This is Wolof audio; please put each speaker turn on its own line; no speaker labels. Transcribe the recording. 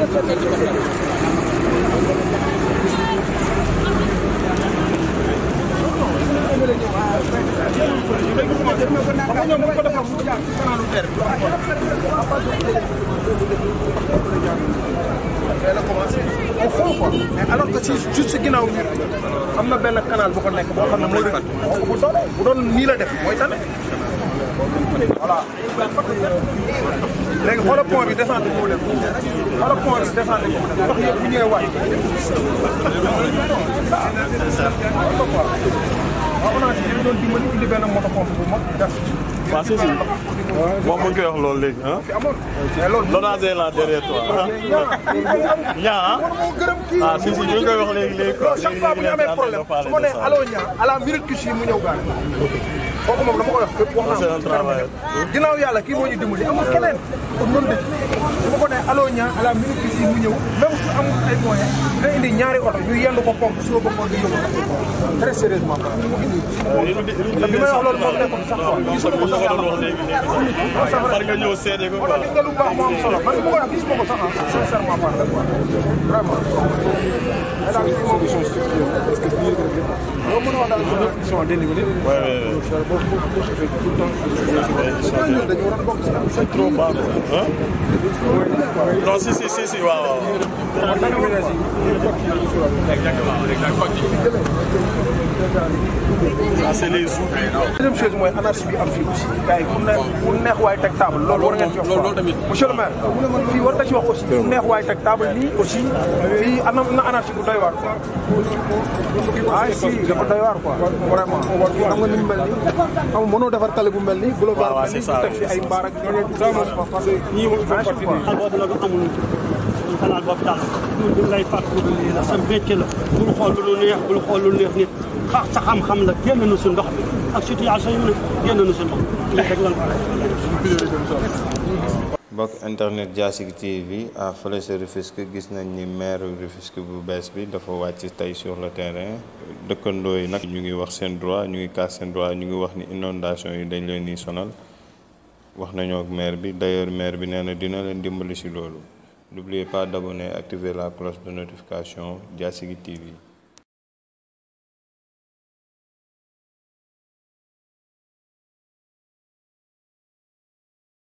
am na benn canal bu ko nekk boo xam ne mooy bu doon nii la def mooy tane voilà léegi xoolal pont bi descente bi mu ne xoolal pont bi descente bi mu a ndox yëpp bu ñëwee wàcc ñu doon dimbali indi benn loolu léegi ah. Lonase ñaa ah la minute qui suit mu ñëw gaañ. kooku yàlla kii moo ñu dimbali amul keneen. kon Alioune Niang à la minute bi fii mu ñëw même su amul ay moyens dina indi ñaari oto ñu yendu ko pompe suba ba pompe yóbbu ko très sérieusement. bi may wax loolu moom nekkoon sax quoi gisuma ko sax yàlla xam nga ñëw seede ko quoi gis nga lu baax moo am solo man bu ko wax gisuma ko sax ah sincèrement par la quoi vraiment. est-ce que loo mën a wax daal si waaw délégué. waaw waaw waaw. non si si si si waaw waaw. ça c'est les ouvriers. deuxième chose mooy anarchie bi am fii aussi. gars yi ku ne ku neex waay teg table loolu war ngeen ci wax. loolu tamit monsieur le maire. fii war nga ci wax aussi. ku neex waay teg table lii aussi. fii am na anarchie bu doy waar. ah fii dafa doy waar quoi. vraiment xam nga ni mu mel nii xam nga mënoo defar tali bu mel nii. waaw waaw c'est ça global bi teg fi ay mbaar ak ñeneen. lu amul xalaat boobu daal ñun duñ lay fàttali lu lii la sa métier la bul xool lu neex bul xool lu neex nit xax sa xam-xam la génn na su ndox mi ak situation yi mu ne génn na su ndox mi rek lan mbokk internet Diassigui TV à fële sa Rufisque gis nañ ni maire Rufisque bu bees bi dafa wàcc tey sur le terrain dëkkandoo yi nag ñu ngi wax seen droit ñu ngi kaas seen droit ñu ngi wax ni inondation yi dañ leen di sonal wax nañoo ak maire bi d'ailleurs maire bi nee na dina leen dimbali n'oubliez pas d'abonner et activer la cloche de notification Diasigi TV